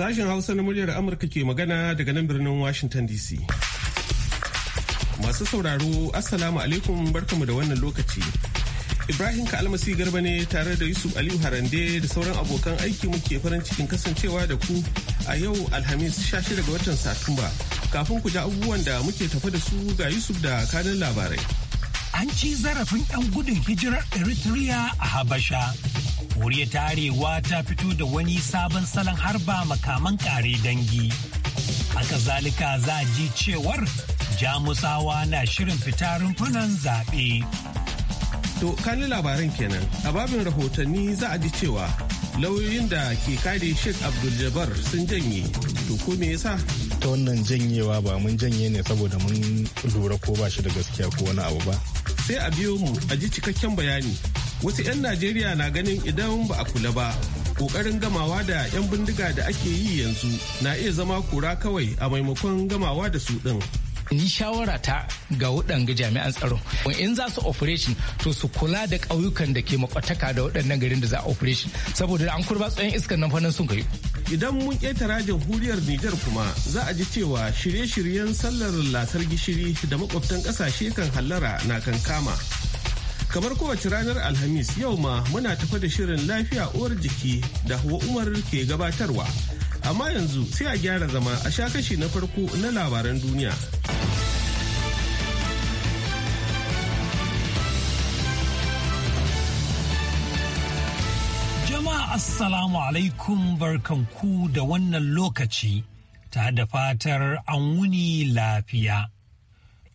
Sashen Hausa na muryar Amurka ke magana daga nan birnin Washington DC. Masu sauraro, Assalamu alaikum barkamu da wannan lokaci. Ibrahim Kalmasi Garba ne tare da Yusuf Aliyu Harande da sauran abokan aiki muke farin cikin kasancewa da ku a yau Alhamis 16 ga watan Satumba. Kafin ku ja abubuwan da muke tafa da su ga Yusuf da kanin labarai. An ci zarafin 'yan gudun hijirar Eritrea a Habasha. koriya ta arewa ta fito da wani sabon salon harba makaman kare dangi haka zalika za a ji cewar jamusawa na shirin fita rumfunan zaɓe to kani labaran kenan a babin rahotanni za a ji cewa lauyoyin da ke kare sheikh abdul sun janye to ko me yasa ta wannan janyewa ba mun janye ne saboda mun lura ko ba shi da gaskiya ko wani abu ba sai a biyo mu a ji cikakken bayani wasu 'yan najeriya na ganin idan ba a kula ba kokarin gamawa da 'yan bindiga da ake yi yanzu na iya zama kura kawai a maimakon gamawa da su ɗin. ni shawara ta ga waɗanga jami'an tsaro in za su operation to su kula da ƙauyukan da ke makwataka da waɗannan garin da za a operation saboda an kurba tsayin iskan nan fannin sun kai idan mun ƙetara jamhuriyar Nijar kuma za a ji cewa shirye-shiryen sallar lasar gishiri da makwabtan ƙasashe kan hallara na kankama Kamar kowace ranar Alhamis yau ma muna tafa da shirin lafiya uwar jiki da huwa Umar ke gabatarwa. Amma yanzu sai a gyara zama a sha kashi na farko na labaran duniya. Jama'a Assalamu alaikum barkanku da wannan lokaci ta da fatar an wuni lafiya.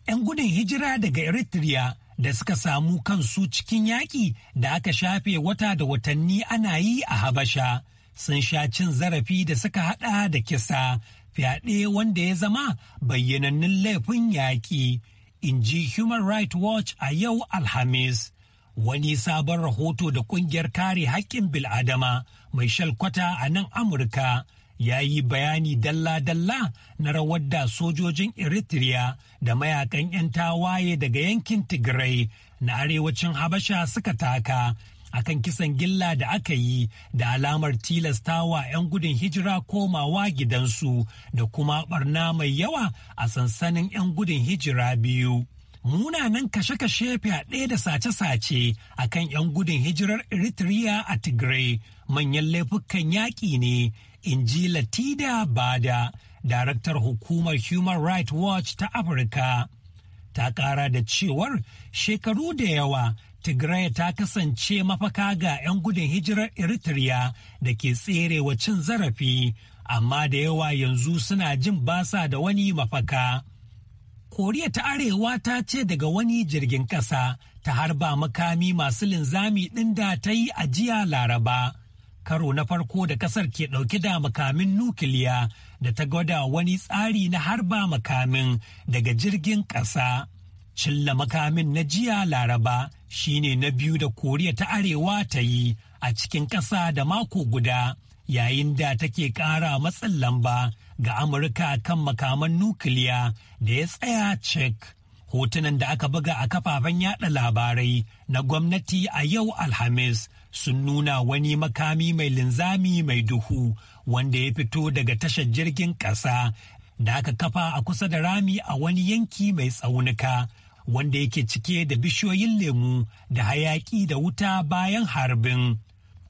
'Yan gudun hijira daga Eritrea da suka samu kansu cikin yaƙi da aka shafe wata da watanni ana yi a Habasha sun sha cin zarafi da suka haɗa da kisa fyaɗe wanda ya zama bayyanannun laifin yaƙi, in ji Human Rights Watch a yau Alhamis. Wani sabon rahoto da ƙungiyar kare haƙƙin bil'adama mai shalkwata a nan Amurka ya yi bayani dalla-dalla na rawar da sojojin Eritrea da mayakan 'yan tawaye daga yankin Tigray na arewacin Habasha suka taka akan kisan gilla da aka yi da alamar tilastawa 'yan gudun hijira komawa gidansu da kuma barna mai yawa a sansanin 'yan gudun hijira biyu. munanan kashe-kashe fyaɗe da sace-sace a kan 'yan gudun hijirar Eritrea a Tigray manyan laifukan yaƙi ne, in ji Latida Bada, daraktar hukumar Human Rights Watch ta Afirka. Ta ƙara da cewar shekaru da yawa Tigray ta kasance mafaka ga 'yan gudun hijirar Eritrea da ke tserewa cin zarafi, amma da yawa yanzu suna jin basa da wani mafaka. koriya ta arewa ta ce daga wani jirgin ƙasa ta harba makami masu linzami ɗin da ta yi a jiya laraba karo na farko da ƙasar ke ɗauki da makamin nukiliya da ta gwada wani tsari na harba makamin daga jirgin ƙasa cilla makamin na jiya laraba shine na biyu da koriya ta arewa ta yi a cikin ƙasa da mako guda yayin da take ƙara matsin lamba ga Amurka kan makaman nukiliya da ya tsaya cek. Hotunan da aka buga a kafafen yada labarai na gwamnati a yau Alhamis sun nuna wani makami mai linzami mai duhu wanda ya fito daga tashar jirgin ƙasa da aka kafa a kusa da rami a wani yanki mai tsaunuka wanda yake cike da bishiyoyin lemu da hayaki da wuta bayan harbin.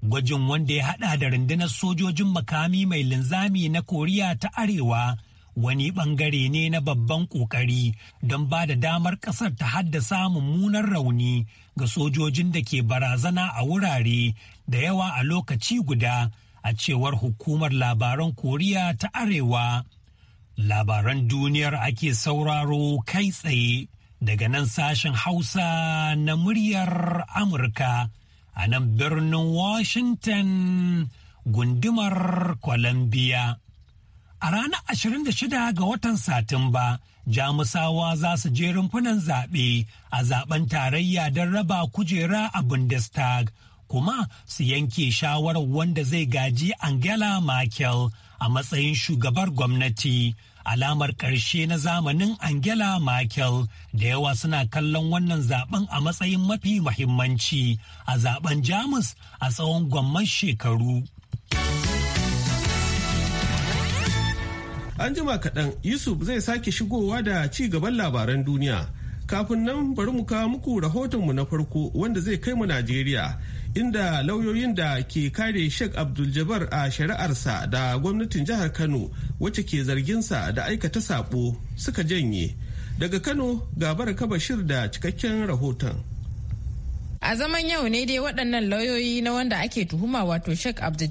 Gwajin wanda ya haɗa da rundunar sojojin makami mai linzami na Koriya ta Arewa wani ɓangare ne na babban ƙoƙari don ba da damar ƙasar ta haddasa mummunar rauni ga sojojin da ke barazana a wurare da yawa a lokaci guda a cewar hukumar labaran Koriya ta Arewa. Labaran duniyar ake sauraro kai tsaye. daga nan sashen Hausa na muryar Amurka a nan birnin Washington gundumar Columbia. A ranar 26 ga watan Satumba, Jamusawa za su je rumfunan zaɓe a zaɓen tarayya don raba kujera a Bundestag, kuma su yanke shawarar wanda zai gaji Angela Merkel a matsayin shugabar gwamnati. alamar ƙarshe na zamanin Angela Merkel da yawa suna kallon wannan zaben a matsayin mafi mahimmanci a zaben Jamus a tsawon gwamman shekaru. An jima kaɗan Yusuf zai sake shigowa da ci gaban labaran duniya. Kafin nan bari mu kawo muku rahotonmu na farko wanda zai kai mu Najeriya. inda lauyoyin da ke kare sheikh abdul-jabbar a shari'arsa da gwamnatin jihar kano wacce ke zarginsa da aikata saƙo suka janye daga kano ga baraka bashir da cikakken rahoton A zaman yau ne dai waɗannan lauyoyi na wanda ake tuhuma wato Sheikh Abdul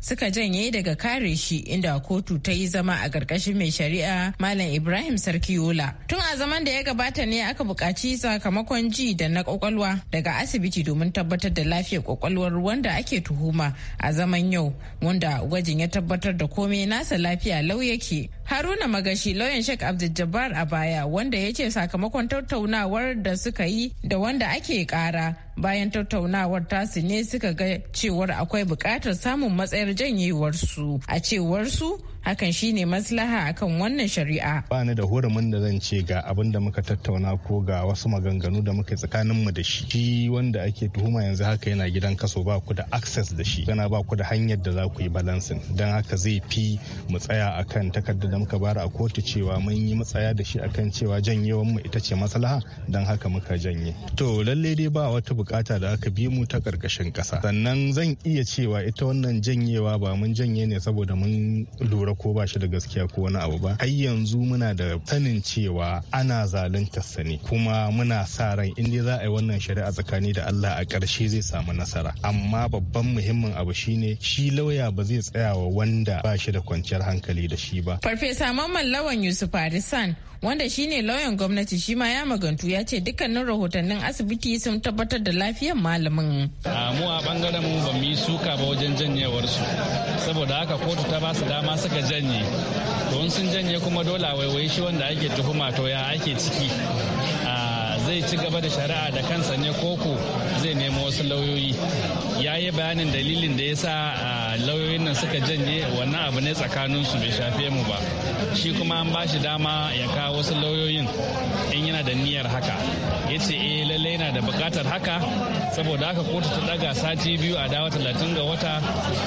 suka janye daga kare shi inda kotu ta yi zama a ƙarƙashin mai shari'a Malam Ibrahim sarki Yola. Tun a zaman da ya gabata ne aka buƙaci sakamakon ji da na ƙwaƙwalwa daga asibiti domin tabbatar da lafiyar ƙwaƙwalwar wanda ake tuhuma a zaman yau wanda gwajin ya tabbatar da komai nasa lafiya lau yake. Haruna Magashi lauyan Sheikh Abdul a baya wanda ya ce sakamakon tattaunawar da suka yi da wanda ake ƙara bayan tattaunawar tasu ne suka ga cewar akwai bukatar samun matsayar janyewarsu a cewarsu hakan shine maslaha akan wannan shari'a ba ni da hurumin da zan ce ga abin da muka tattauna ko ga wasu maganganu da muka tsakanin mu da shi shi wanda ake tuhuma yanzu haka yana gidan kaso ba ku da access da shi yana ba ku da hanyar da za ku yi balancing dan haka zai fi mu tsaya akan takarda da muka bara a kotu cewa mun yi matsaya da shi akan cewa janyewan mu ita ce maslaha dan haka muka janye to lalle dai ba wata bukata da aka bi mu ta karkashin kasa sannan zan iya cewa ita wannan janyewa ba mun janye ne saboda mun lura lura ko ba shi da gaskiya ko wani abu ba har yanzu muna da sanin cewa ana zalunta sani kuma muna sa ran in dai za a yi wannan shari'a tsakani da Allah a ƙarshe zai samu nasara amma babban muhimmin abu shine shi lauya ba zai tsaya wa wanda ba shi da kwanciyar hankali da shi ba farfesa mamman lawan yusuf harisan wanda shine lauyan gwamnati shi ma ya magantu ya ce dukkanin rahotannin asibiti sun tabbatar da lafiyar malamin. mu a bangaren mu ba mu yi suka ba wajen janyewar su saboda haka kotu ta ba su dama suka janye don sun janye kuma dole a waiwai shi wanda ake tuhuma to ya ake ciki. zai ci gaba da shari'a da kansa ne koko zai nemo wasu lauyoyi ya yi bayanin dalilin da ya sa lauyoyin nan suka janye wannan abu ne tsakanin su bai shafe mu ba shi kuma an ba shi dama ya kawo wasu lauyoyin in yana da niyyar haka ya ce eh yana da bukatar haka saboda haka kotu ta daga sati biyu a dawa talatin ga wata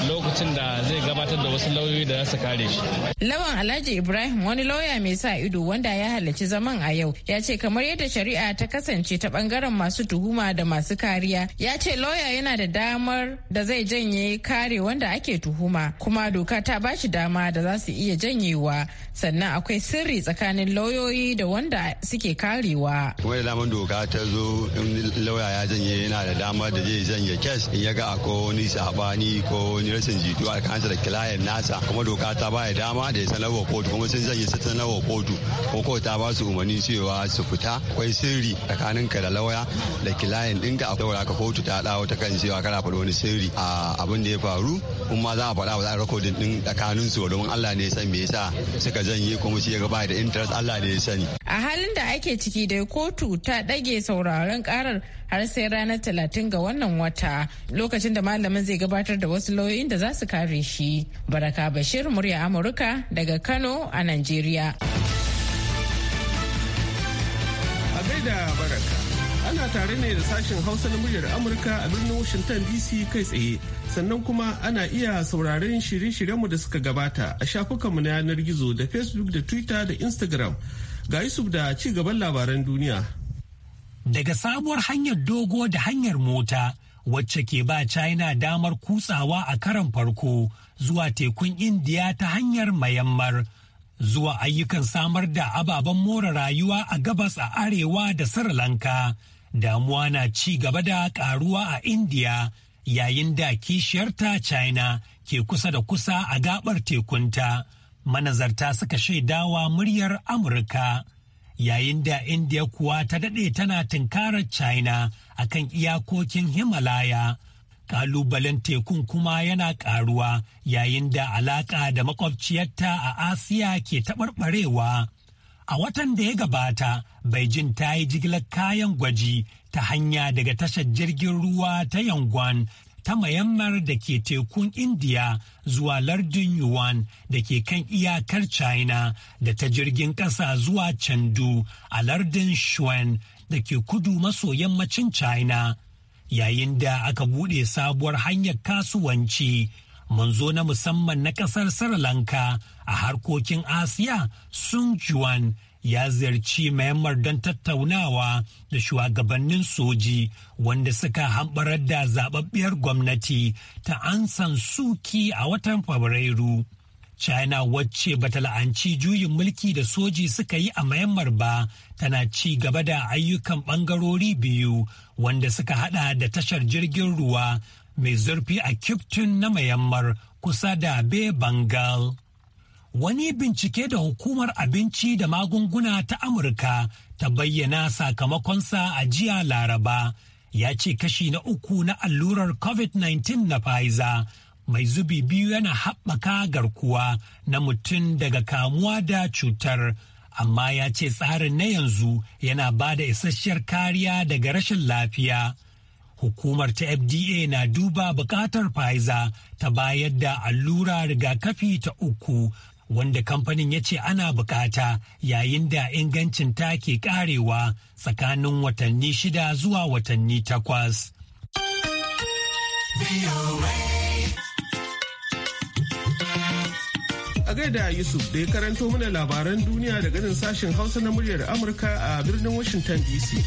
lokacin da zai gabatar da wasu lauyoyi da zasu su kare shi. Lawan Alhaji Ibrahim wani lauya mai sa ido wanda ya halarci zaman a yau ya ce kamar yadda shari'a ta kasance ta bangaren masu tuhuma da masu kariya ya ce lauya yana da damar da zai janye kare wanda ake tuhuma kuma doka ta ba shi dama da za su iya janyewa sannan akwai sirri tsakanin lauyoyi da wanda suke karewa. Wani damar doka ta zo in lauya ya janye yana da dama da zai janye kes in ya ga ko wani sabani ko wani rashin a kansa da kilayen nasa kuma doka ta ba ya dama da ya sanarwa kotu kuma sun janye su sanarwa kotu ko ko ta ba su umarni cewa su fita akwai sirri tsakanin ka da lauya da kilayen din a akwai haka kotu ta dawo ta kan cewa kana faɗi wani sirri a abin da ya faru kuma za a faɗa ba za a rikodin ɗin tsakanin su domin Allah ne ya san me yasa suka janye kuma shi ya ga ba da interest Allah ne ya sani. a halin da ake ciki da kotu ta ɗage sauraron karar har sai ranar talatin ga wannan wata lokacin da malamin zai gabatar da wasu lauyoyin da za su kare shi baraka bashir murya amurka daga kano a nigeria ana tare ne da sashen hausa na muryar amurka a birnin washington dc kai tsaye sannan kuma ana iya sauraron shirye-shiryenmu da suka gabata a shafukanmu na yanar gizo da facebook da twitter da instagram Ga Yusuf da ci gaban labaran duniya. Daga sabuwar hanyar dogo da hanyar mota wacce ke ba China damar kutsawa a karan farko zuwa tekun Indiya ta hanyar mayammar zuwa ayyukan samar da ababen more rayuwa a gabas a arewa da Sri Lanka. Damuwa na ci gaba da karuwa a Indiya yayin da kishiyarta China ke kusa da kusa a gabar tekunta. manazarta suka shaidawa muryar amurka yayin da india kuwa ta daɗe tana tunkarar china kan iyakokin himalaya kalubalen tekun kuma yana ƙaruwa, yayin da alaƙa da makwabciyarta a asiya ke taɓarɓarewa a watan da ya gabata beijing ta yi jigilar kayan gwaji ta hanya daga tashar jirgin ruwa ta yangwan ta mayammar da ke tekun indiya zuwa lardin yuan da ke kan iyakar china da ta jirgin ƙasa zuwa candu a lardin shuan da ke kudu maso yammacin china yayin da aka buɗe sabuwar hanyar kasuwanci manzo na musamman na ƙasar sri lanka a harkokin asiya sun juan ya ziyarci Myanmar don tattaunawa da shugabannin soji wanda suka hambarar da zababbiyar gwamnati ta ansan suki a watan Fabrairu. China wacce bata la'anci juyin mulki da soji suka yi a Myanmar ba tana ci gaba da ayyukan bangarori biyu wanda suka hada da tashar jirgin ruwa mai zurfi a Kyuktun na Myanmar kusa da Bay Bengal. Wani bincike da hukumar abinci da magunguna ta Amurka ta bayyana sakamakonsa a jiya Laraba ya ce kashi na uku na allurar COVID-19 na Pfizer mai zubi biyu yana haɓaka garkuwa na mutum daga kamuwa da cutar. Amma ya ce tsarin na yanzu yana ba da isasshiyar kariya daga rashin lafiya. hukumar ta fda na duba bukatar pfizer ta bayar da allura rigakafi ta uku wanda kamfanin ya ce ana bukata yayin da ingancin ta ke karewa tsakanin watanni shida zuwa watanni takwas. A gaida Yusuf da ya karanto mana labaran duniya daga ganin sashen Hausa na muryar Amurka a birnin Washington DC.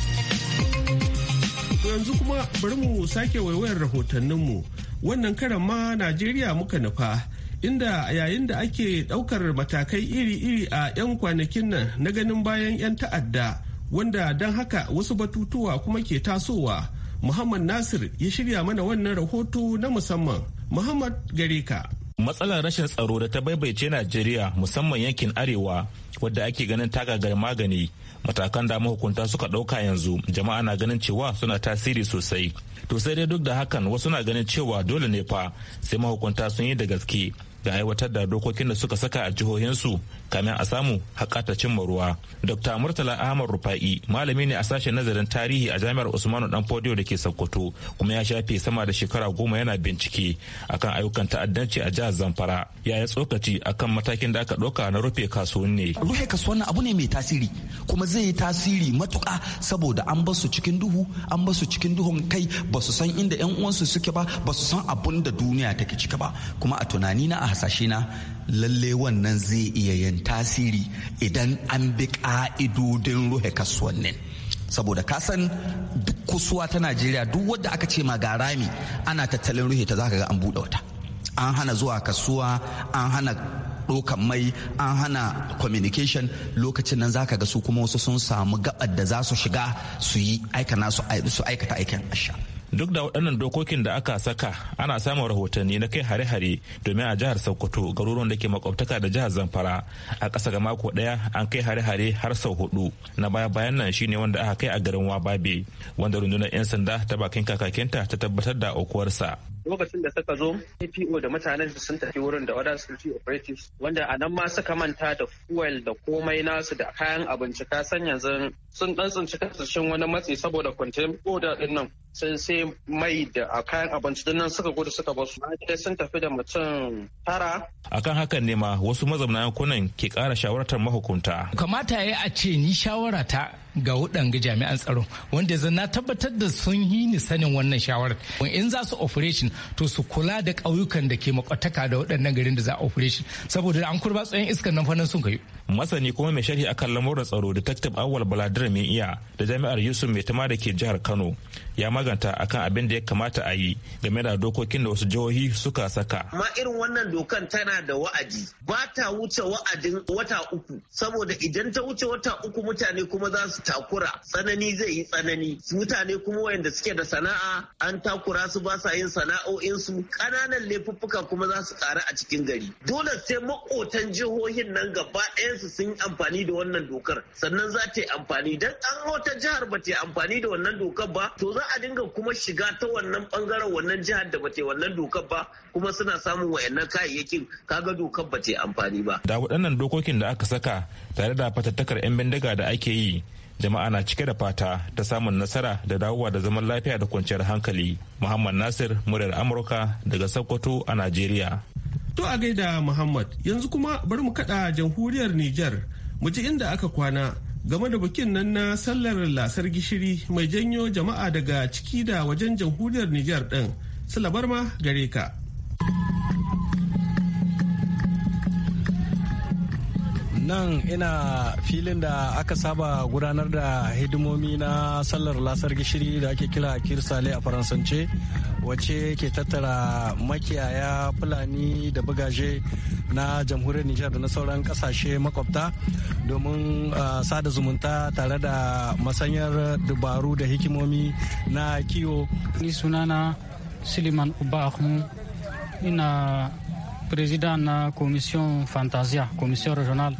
yanzu kuma bari mu sake waiwayar rahotanninmu wannan karan ma Najeriya muka nufa inda yayin da ake ɗaukar matakai iri-iri a 'yan kwanakin nan na ganin bayan 'yan ta'adda wanda don haka wasu batutuwa kuma ke tasowa muhammad nasir ya shirya mana wannan rahoto na musamman muhammad gareka matsalar rashin tsaro da ta baibaice najeriya musamman yankin arewa wadda ake ganin tagagar magani matakan da mahukunta suka dauka yanzu jama'a na ganin cewa suna tasiri sosai to sai dai duk da hakan wasu na ganin cewa dole ne fa sai mahukunta sun yi da gaske da aiwatar da dokokin da suka saka a jihohinsu kamin a samu haƙata cimma ruwa. Dr. Murtala Ahmad Rufa'i malami ne a sashen nazarin tarihi a jami'ar Usmanu Dan Fodiyo da ke Sokoto kuma ya shafe sama da shekara goma yana bincike akan ayyukan ta'addanci a jihar Zamfara. Ya yi tsokaci akan matakin da aka ɗauka na rufe ne. Rufe kasuwanni abu ne mai tasiri kuma zai yi tasiri matuƙa saboda an basu cikin duhu an basu cikin duhun kai ba su san inda 'yan uwansu suke ba ba su san abun da duniya take ciki ba kuma a tunani na a hasashina na lalle wannan zai iya yin tasiri idan an bi ka'idodin ruhe kasuwannin saboda kasan duk kusuwa ta najeriya duk wadda aka ce ma ga ana tattalin ruhe ta zaka ga an buɗe wata an hana zuwa kasuwa an hana ɗaukan mai an hana communication lokacin nan zaka ga su kuma wasu sun samu gabar da za su shiga su yi aikata aikin asha. duk da waɗannan dokokin da aka saka ana samun rahotanni na kai hare-hare domin a jihar sokoto garuruwan da ke makwabtaka da jihar zamfara a ƙasa ga mako ɗaya an kai hare-hare har sau hudu na baya bayan nan shine wanda aka kai a garin wababe wanda rundunar 'yan sanda ta bakin kakakinta ta tabbatar da aukuwarsa lokacin da suka zo APO da mutanen su sun tafi wurin da other security operatives wanda a nan ma suka manta da fuel da komai nasu da kayan abinci ka san yanzu sun dan tsinci kansu wani matsi saboda contain order din nan sun sai mai da kayan abinci din nan suka gudu suka basu sai sun tafi da mutum tara akan hakan ne ma wasu mazauna yankunan ke kara shawartar mahukunta kamata ya a ce ni shawara ta ga waɗanga jami'an tsaro wanda zan na tabbatar da sun yi ni sanin wannan shawarar in za su operation to su kula da ƙauyukan da ke makwataka da waɗannan garin da za operation saboda an kurba tsayin iskan nan fa nan sun kai masani kuma mai sharhi akan lamuran tsaro da taktib awal baladir mai iya da jami'ar yusuf mai tama da ke jihar kano ya maganta akan abin da ya kamata a yi game da dokokin da wasu jihohi suka saka ma irin wannan dokan tana da wa'adi ba ta wuce wa'adin wata uku saboda idan ta wuce wata uku mutane kuma za su takura tsanani zai yi tsanani mutane kuma wayanda suke da sana'a an takura su ba sa yin sana'o'insu ƙananan laifuffuka kuma za su ƙara a cikin gari dole sai makotan jihohin nan gaba ɗaya su sun yi amfani da wannan dokar sannan za ta yi amfani don an wata jihar ba ta yi amfani da wannan dokar ba to za a dinga kuma shiga ta wannan bangaren wannan jihar da ba ta yi wannan dokar ba kuma suna samun wayannan kayayyakin kaga dokar ba ta yi amfani ba da waɗannan dokokin da aka saka tare da fatattakar 'yan bindiga da ake yi jama'a na cike da fata ta samun nasara da dawowa da zaman lafiya da kwanciyar hankali muhammad nasir muryar amurka daga sokoto a najeriya To a gaida Muhammad yanzu kuma bari mu kada jamhuriyar Nijar mu ji inda aka kwana game da bikin nan na sallar lasar gishiri mai janyo jama'a daga ciki da wajen jamhuriyar Nijar ɗin. Salabar ma gare ka. nan ina filin da aka saba gudanar da hidimomi na sallar lasar gishiri da ake kira kirsale a faransance wacce ke tattara makiyaya fulani da bugaje na jamhuriyar nijar da na sauran kasashe makwabta domin uh, sada zumunta tare da masanyar dubaru da hikimomi na kiwo ni sunana siliman ubahun ina president na commission fantasia commission regional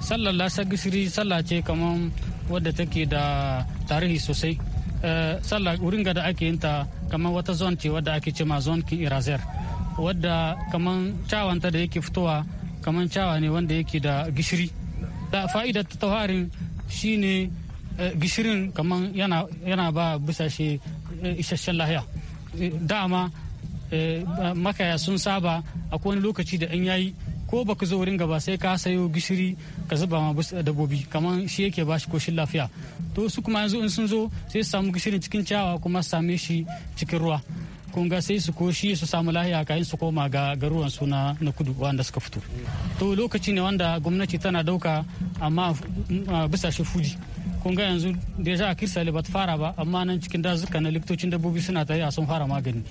sallar lasa gisiri sallah ce kamar wadda take da tarihi sosai Eh, sallah wurin ga da ake yin ta kamar wata zone ce wadda ake cima zone kin irazer wadda kamar cawanta da yake fitowa kamar cawa ne wanda yake da gishiri da fa'idar ta tawarin shine eh, gishirin kamar yana ba shi eh, isasshen lahiya dama makaya sun saba akwai wani lokaci da in yayi ko baka zo wurin gaba sai ka sayo gishiri ka zuba ma dabobi kamar shi yake bashi koshin lafiya to su kuma yanzu in sun zo sai su samu gishirin cikin ciyawa kuma su same shi cikin ruwa kun ga sai su koshi su samu lahiya kayan su koma ga garuwan suna na kudu wanda suka fito to lokaci ne wanda gwamnati tana dauka amma mm, bisa shi fuji kun ga yanzu deja a kirsali ba ta fara ba amma nan cikin dazuka na likitocin dabbobi suna tare a sun fara magani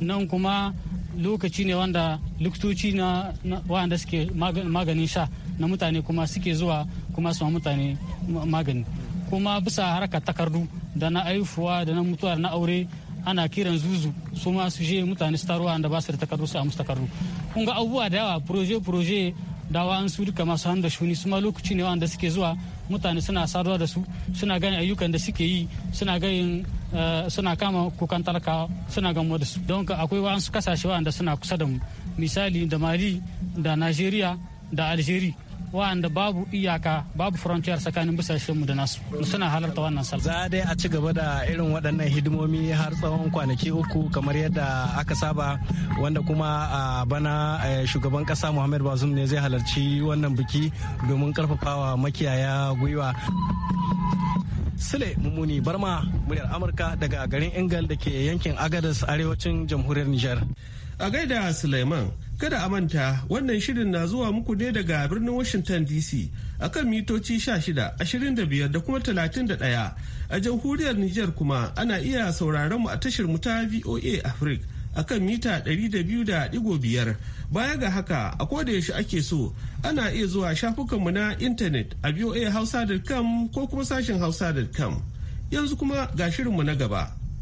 nan kuma lokaci ne wanda likitoci na wanda suke maganin sha na mutane kuma suke zuwa kuma su mutane magani kuma bisa harkar takardu da na aifuwa da na mutuwa na aure ana kiran zuzu su ma su je mutane su taruwa da ba su da takardu su amsu takardu kun ga abubuwa da yawa proje proje dawa an su duka masu hannu da shuni su ma lokaci ne wanda suke zuwa mutane suna saduwa da su suna ganin ayyukan da suke yi suna ganin eh, suna kama kukan talakawa suna gamo da su don akwai wa'ansu kasashe wanda suna kusa da mu misali da mali da najeriya da algeria wa'anda babu iyaka babu frontier tsakanin mu da nasu suna halarta wannan sallah za dai a ci gaba da irin waɗannan hidimomi har tsawon kwanaki uku kamar yadda aka saba wanda kuma a bana shugaban ƙasa muhammad bazum ne zai halarci wannan biki domin karfafawa makiyaya gwiwa Sule Mummuni Barma, muryar Amurka daga garin ingal da ke yankin Agadas arewacin jamhuriyar Nijar. A gaida Suleiman, kada a manta wannan shirin na zuwa muku ne daga birnin Washington DC akan mitoci 16,25 da kuma 31. A jamhuriyar Nijar kuma ana iya sauraron mu a tashar mu ta VOA Africa akan mita 200.5. Baya ga haka a yaushe ake so ana iya zuwa shafukanmu na intanet a voa hausa.com ko kuma sashen hausa.com. Yanzu kuma ga shirinmu na gaba.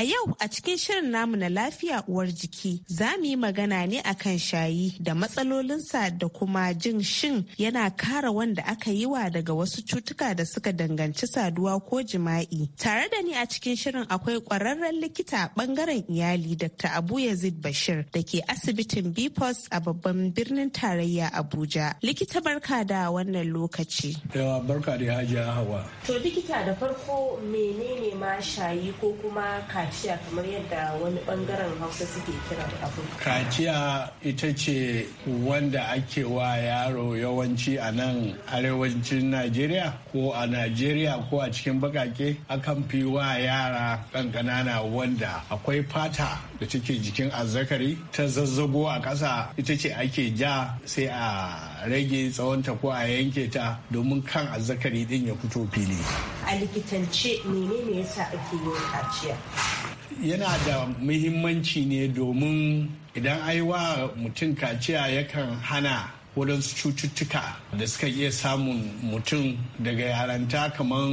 A yau a cikin shirin namu na lafiya uwar jiki za mu yi magana ne akan shayi da matsalolinsa da kuma jin shin yana kara wanda aka yi wa daga wasu cutuka da suka danganci saduwa ko jima'i. Tare da ni a cikin shirin akwai kwararren likita bangaren iyali Dr. Abu Yazid Bashir da ke asibitin Bipos a babban birnin tarayya Abuja. Likita barka da wannan lokaci. Yawa barka da hajiya hawa. To likita da farko menene ma shayi ko kuma kaciya kamar yadda wani bangaren hausa suke kira da abu kaciya ita ce wanda ake wa yaro yawanci a nan arewacin najeriya ko a najeriya ko a cikin bakake akan fi wa yara kan kanana wanda akwai fata da take jikin azzakari ta zazzago a ƙasa ita ce ake ja sai a rage tsawonta ko a yanke ta domin kan azzakari din ya fito fili a likitance menene yasa ake yin kaciya yana da muhimmanci ne domin idan aiwa mutum kaciya yakan hana wadansu cututtuka da suka iya samun mutum daga yaranta kamar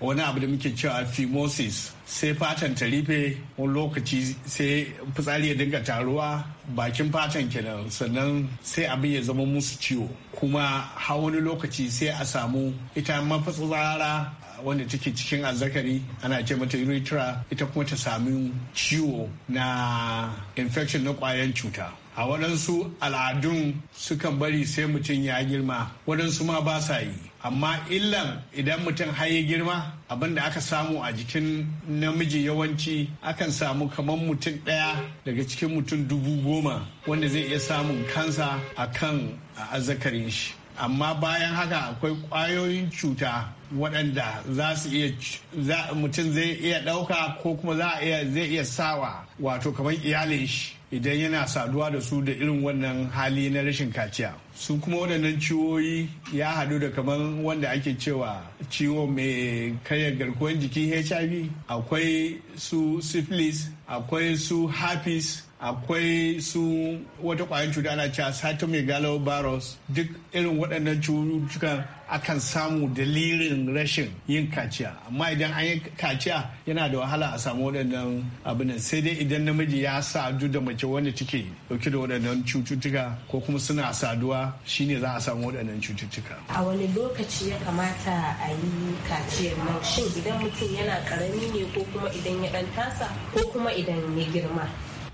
wani abu da muke cewa phimosis sai fatan ta rife wani lokaci sai fitsari ya dinga taruwa bakin fatan kenan sannan sai abin ya zama musu ciwo kuma har wani lokaci sai a samu ita mafitsara wanda take cikin azzakari ana ce mata urethra ita kuma ta sami ciwo na infection na kwayan cuta a waɗansu al'adun sukan bari sai mutum ya girma waɗansu ma ba sa yi amma illan idan mutum har ya girma abin da aka samu a jikin namiji yawanci akan samu kamar mutum ɗaya daga cikin mutum dubu goma wanda zai iya samun kansa a kan azzakarin shi amma bayan haka akwai kwayoyin cuta waɗanda za su iya mutum zai iya ɗauka ko kuma za iya zai iya sawa wato kamar iyalin shi idan yana saduwa da su da irin wannan hali na rashin kaciya su kuma waɗannan ciwoyi ya haɗu da kamar wanda ake cewa ciwo mai karya garkuwar jiki hiv akwai su syphilis akwai su herpes akwai su wata kwayan cuta ana cewa cytomegalovirus duk irin waɗannan cututtukan akan samu dalilin rashin yin kaciya amma idan an yi kaciya yana da wahala a samu waɗannan abin sai dai idan namiji ya sadu da mace wanda take dauke da waɗannan cututtuka ko kuma suna saduwa shine za a samu waɗannan cututtuka a wani lokaci ya kamata a yi kaciyar nan shin idan mutum yana karami ne ko kuma idan ya ɗan tasa ko kuma idan ya girma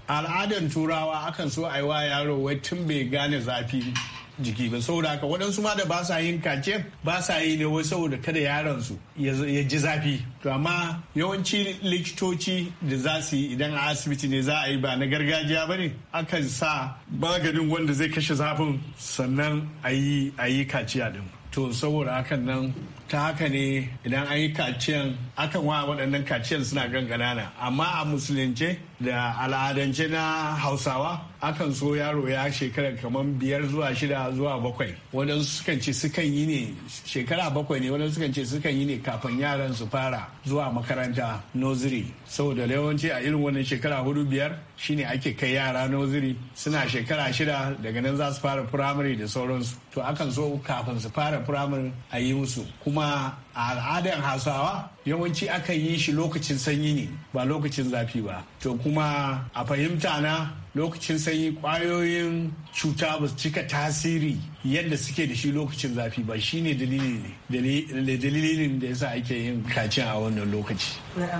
al'adan turawa akan so a yi wa yaro wai tun bai gane zafi jiki ba saboda haka waɗansu ma da ba sa yin kaciyar ba sa yi ne wai saboda kada yaron su ya ji zafi to amma yawanci likitoci da za su yi idan a asibiti ne za a yi ba na gargajiya ba ne akan sa maganin wanda zai kashe zafin sannan a yi kaciya din to saboda hakan nan ta haka ne idan an yi kaciyan akan wa waɗannan kaciyan suna ganganana amma a musulunce da al'adance na hausawa akan so yaro ya shekara kamar biyar zuwa shida zuwa bakwai wadansu sukan ce sukan yi ne shekara bakwai ne wadansu sukan ce sukan yi ne kafin yaran su fara zuwa makaranta noziri saboda yawanci a irin wannan shekara hudu biyar shine ake kai yara noziri suna shekara shida daga nan za su fara firamare da sauransu to akan so kafin su fara firamare a yi musu kuma kuma a al'adan hausawa yawanci akan yi shi lokacin sanyi ne ba lokacin zafi ba to kuma a fahimta na lokacin sanyi kwayoyin cuta ba su cika tasiri yadda suke da shi lokacin zafi ba shi ne dalilin da yasa ake yin kacin a wannan lokaci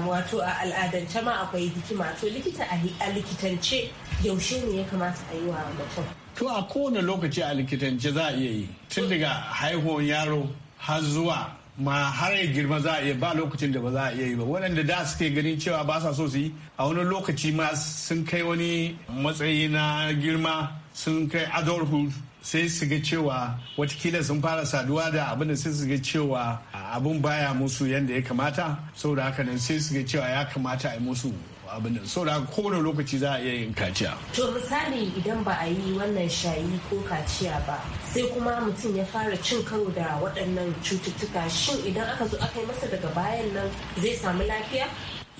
wato a al'adance ma akwai hikima to likita a likitance yaushe ne ya kamata a yi wa mutum to a kowane lokaci a likitance za a iya yi tun daga haihuwar yaro har zuwa ma har ya girma za a iya ba lokacin da ba za a iya yi ba waɗanda da suke ganin cewa ba sa so su yi a wani lokaci ma sun kai wani matsayi na girma sun kai adulthood sai su ga cewa watakila sun fara saduwa da abin da sai su ga cewa abin baya musu yadda ya kamata saboda haka nan sai su ga cewa ya kamata a yi musu abin nan da kowane lokaci za a iya yin kaciya to misali idan ba a yi wannan shayi ko kaciya ba sai kuma mutum ya fara cin karo da waɗannan cututtuka shin idan aka zo aka yi masa daga bayan nan zai samu lafiya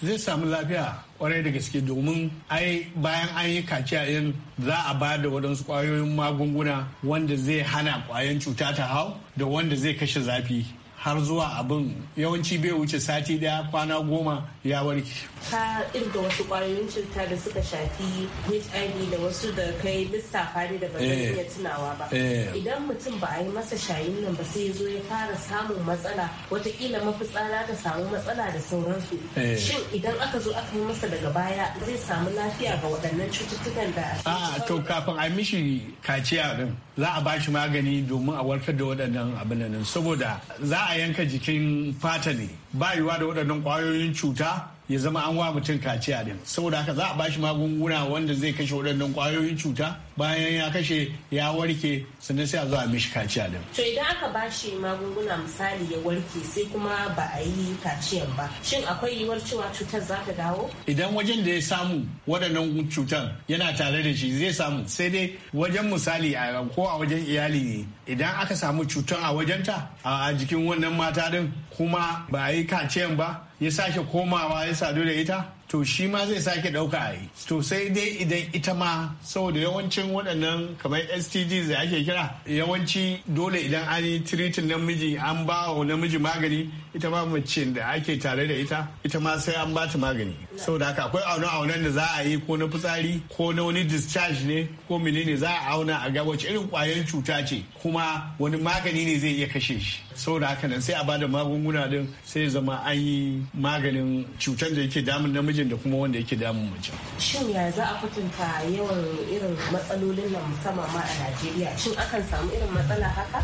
zai samu lafiya kwarai da gaske domin ai bayan an yi kaciya in za a ba da waɗansu kwayoyin magunguna wanda zai hana kwayan cuta ta hau da wanda zai kashe zafi har zuwa abin yawanci bai wuce sati daya kwana goma ya warke. Ka irga wasu kwayoyin cuta da suka shafi HIV da wasu da kai lissafa ne da ba zai eh. iya tunawa ba. Eh. Idan mutum ba a yi masa shayin nan ba sai ya zo ya fara samun matsala watakila mafitsara ta samu matsala da sauransu. Eh. Shin idan aka zo aka yi masa daga baya zai samu lafiya ga waɗannan cututtukan da a to kafin a mishi kaciya din za a ba shi magani domin a warkar da waɗannan abin nan saboda za a yanka jikin fata ne ba yiwa da waɗannan ƙwayoyin cuta ya zama an wa mutum kaciya din saboda haka za a bashi magunguna wanda zai kashe waɗannan ƙwayoyin cuta bayan ya kashe ya warke sannan sai a zo a mishi kaciya din to idan aka bashi magunguna misali ya warke sai kuma ba a yi kaciyan ba shin akwai yiwuwar cewa cutar za ta dawo idan wajen da ya samu waɗannan cutar yana tare da shi zai samu sai dai wajen misali a ko a wajen iyali ne idan aka samu cutar a wajenta a jikin wannan mata din kuma ba a yi kaciyan ba ya sake komawa ya sadu da ita to shi ma zai sake ɗauka a yi to sai dai idan ita ma saboda yawancin waɗannan kamar stds da ake kira yawanci dole idan an yi tiritin namiji an ba wa namiji magani ita ma mace da ake tare da ita ita ma sai an ba ta magani saboda haka akwai auna-aunan da za a yi ko na fitsari ko na wani discharge ne ko menene za a auna a ga wace irin kwayan cuta ce kuma wani magani ne zai iya kashe shi saboda haka nan sai a bada magunguna din sai zama an yi maganin cutar da yake damun namijin da kuma wanda yake damun mace. Shin ya za a kwatanta yawan irin matsalolin nan musamman ma a Najeriya? Shin akan samu irin matsala haka?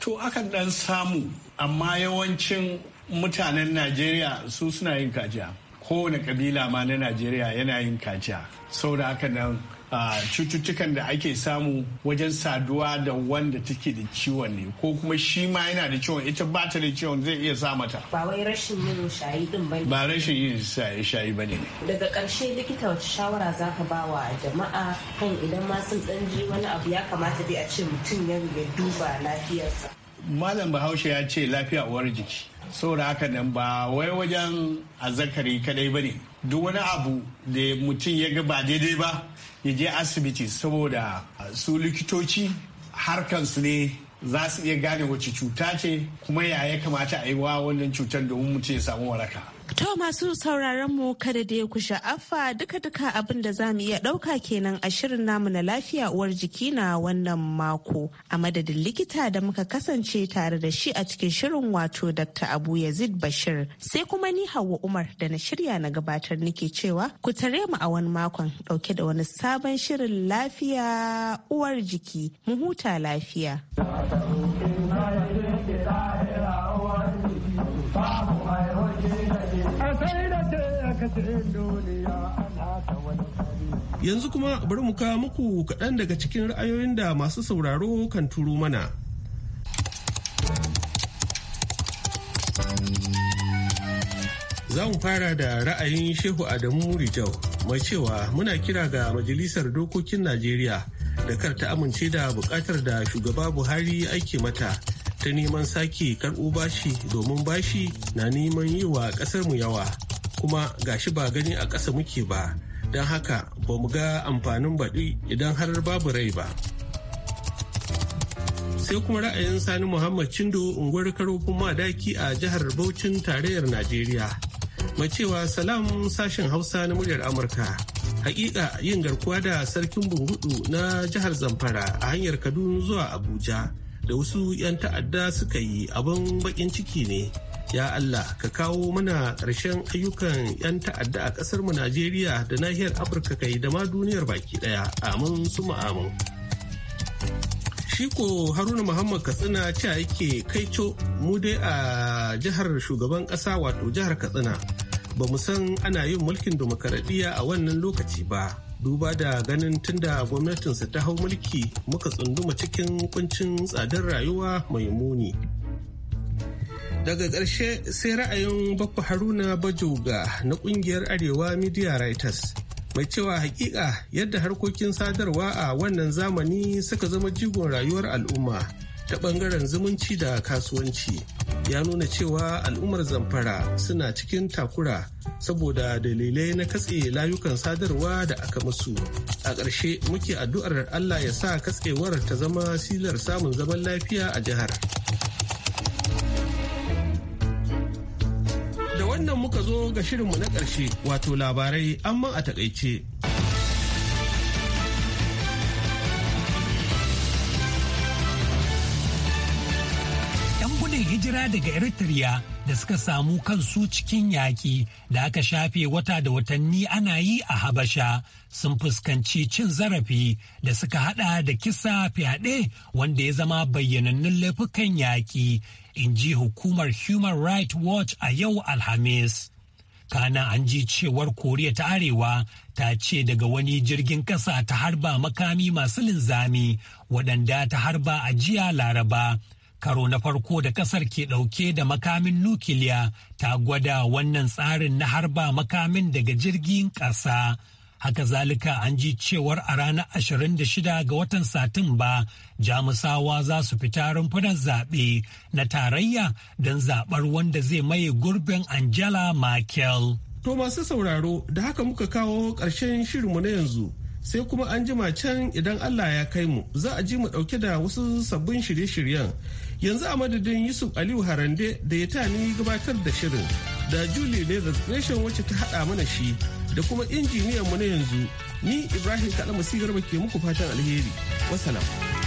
To akan dan samu amma yawancin mutanen Najeriya su suna yin kaciya. Kowane kabila ma na Najeriya yana yin kaciya. Saboda haka nan cututtukan da ake samu wajen saduwa da wanda take da ciwon ne ko kuma shi ma yana da ciwon ita ba ta da ciwon zai iya sa mata ba wai rashin yin shayi din bane ba rashin yin shayi bane daga karshe likita wata shawara zaka ba wa jama'a kan idan ma sun dan ji wani abu ya kamata dai a ce mutum ya duba lafiyarsa malam bahaushe ya ce lafiya uwar jiki saboda haka nan ba wai wajen azzakari kadai ba duk wani abu da mutum ya ga ba daidai ba ya je asibiti saboda ah, su likitoci harkansu ne za su iya gane wace cuta ce kuma ya ya kamata a yi wa wannan cutar domin mutum ya samu waraka To masu sauraron mu kada dai ku sha'afa duka-duka abin da za mu iya ɗauka kenan a shirin namu na lafiya uwar jiki na wannan mako. A madadin likita da muka kasance tare da shi a cikin shirin wato Dr. Abu Yazid Bashir. Sai kuma ni Hauwa Umar da na shirya na gabatar nake cewa ku tare mu a wani makon ɗauke da wani sabon shirin lafiya uwar jiki mu huta lafiya. mu mai hoji Yanzu kuma bari mu kawo muku kaɗan daga cikin ra'ayoyin da masu sauraro kan turo mana. Za mu fara da ra'ayin Shehu Adamu Rijau mai cewa muna kira ga Majalisar Dokokin Najeriya da kar ta amince da bukatar da shugaba Buhari ake mata ta neman sake karɓo bashi domin bashi na neman yi wa ƙasarmu yawa. kuma ga shi ba gani a ƙasa muke ba don haka ba mu ga amfanin baɗi idan har babu rai ba sai kuma ra'ayin sani muhammad cindo unguwar karofin madaki a jihar Bauchin tarayyar najeriya mai cewa salam sashen hausa na muryar amurka hakika yin garkuwa da sarkin bungudu na jihar zamfara a hanyar kaduna zuwa abuja da wasu 'yan ta'adda suka yi abin bakin ciki ne ya Allah ka kawo mana ƙarshen ayyukan 'yan ta'adda a ƙasar mu Najeriya da nahiyar Afirka kai da ma duniyar baki ɗaya amin su amin. Shiko Haruna Muhammad Katsina ce yake kai co mu dai a jihar shugaban ƙasa wato jihar Katsina ba mu san ana yin mulkin demokaradiyya a wannan lokaci ba. Duba da ganin tunda gwamnatinsa ta hau mulki muka tsunduma cikin kuncin tsadar rayuwa mai muni. daga ƙarshe sai ra'ayin bakwa haruna bajoga na ƙungiyar arewa media writers mai cewa hakika yadda harkokin sadarwa a wannan zamani suka zama jigon rayuwar al'umma ta bangaren zumunci da kasuwanci ya nuna cewa al'ummar zamfara suna cikin takura saboda dalilai na katse layukan sadarwa da aka musu a ƙarshe muke addu'ar allah ya sa katsewar ta zama silar samun zaman lafiya a jihar zo ga shirinmu na ƙarshe wato labarai amma a takaice. hijira daga Eritrea da suka samu kansu cikin yaƙi da aka shafe wata da watanni ana yi a Habasha sun fuskanci cin zarafi da suka hada da kisa fyaɗe wanda ya zama bayyanannun laifukan yaƙi, in ji hukumar Human Rights Watch a yau Alhamis. kana an ji cewar koriya ta arewa ta ce daga wani jirgin kasa ta harba makami masu linzami waɗanda ta harba a jiya laraba karo na farko da kasar ke ɗauke da makamin nukiliya ta gwada wannan tsarin na harba makamin daga jirgin ƙasa Haka zalika an ji cewar a ranar 26 ga watan Satumba Jamusawa za su fita rumfunan zaɓe na tarayya don zaɓar wanda zai maye gurbin Angela makel. To masu sauraro da haka muka kawo ƙarshen shirinmu na yanzu sai kuma an jima can idan Allah ya kai mu za a ji mu ɗauke da wasu sabbin shirye-shiryen. Yanzu a madadin Yusuf Aliyu Harande da ya tani gabatar da shirin da Julie ne da wacce ta haɗa mana shi. da kuma injiniyan mu na yanzu ni Ibrahim Kaɗa Garba ke muku fatan alheri. Wassalam.